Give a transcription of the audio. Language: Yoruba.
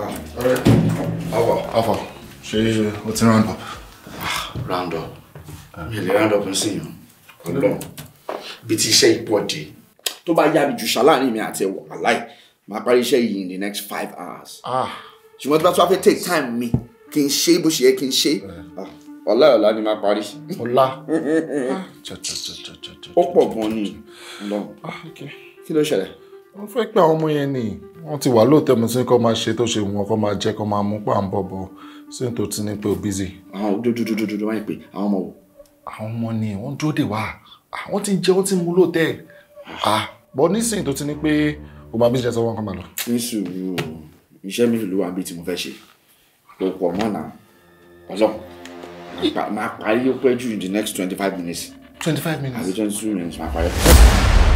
Alright, Alpha. Alpha. Ṣé o ti round up? Ah, round up. Uh. Mi ò lè round up nsìn yàn. Ọlọ́run. Bí ti iṣẹ́ ipò dé. Tó bá yá mi jù ṣá láàrin mi àti ẹ̀wọ̀ aláì. Màá parí iṣẹ́ yìí in the next five hours. Ah. Ṣùgbọ́n tí bá tún wá fẹ́ take time mi can n ṣe bó ṣe yẹ kí n ṣe. Eh. Ah, ọ̀la ọ̀la ni màá parí. Ọ̀la. Ó pọ̀ gan-an ni. Kí ló ṣẹlẹ̀? Wọ́n fẹ́ pé àwọn ọmọ yẹn nìyí wọ́n ti wà lóòótọ́ mo ti ní kó máa ṣe tó ṣe wọn kó máa jẹ́ kó máa mú pàǹbọ̀ bọ̀ sí ní tó ti ní pé o busy. àwọn dúdúdúdúdú wáyé pé àwọn ọmọ wò. àwọn ọmọ ni wọ́n dúró dè wá àwọn ti ń jẹ wọ́n ti ń mu lóòótẹ́ ah bọ́ nísìnyí tó ti ní pé o máa business ọwọ́ nǹkan máa lọ. ní sùúrù iṣẹ́ mi ló wà bíi tí mo fẹ́ ṣe kò pọ̀ mọ́ náà ọlọ́run máa parí ó pẹ́ jù the next twenty five minutes. twenty five minutes àbí twenty two minutes máa parí.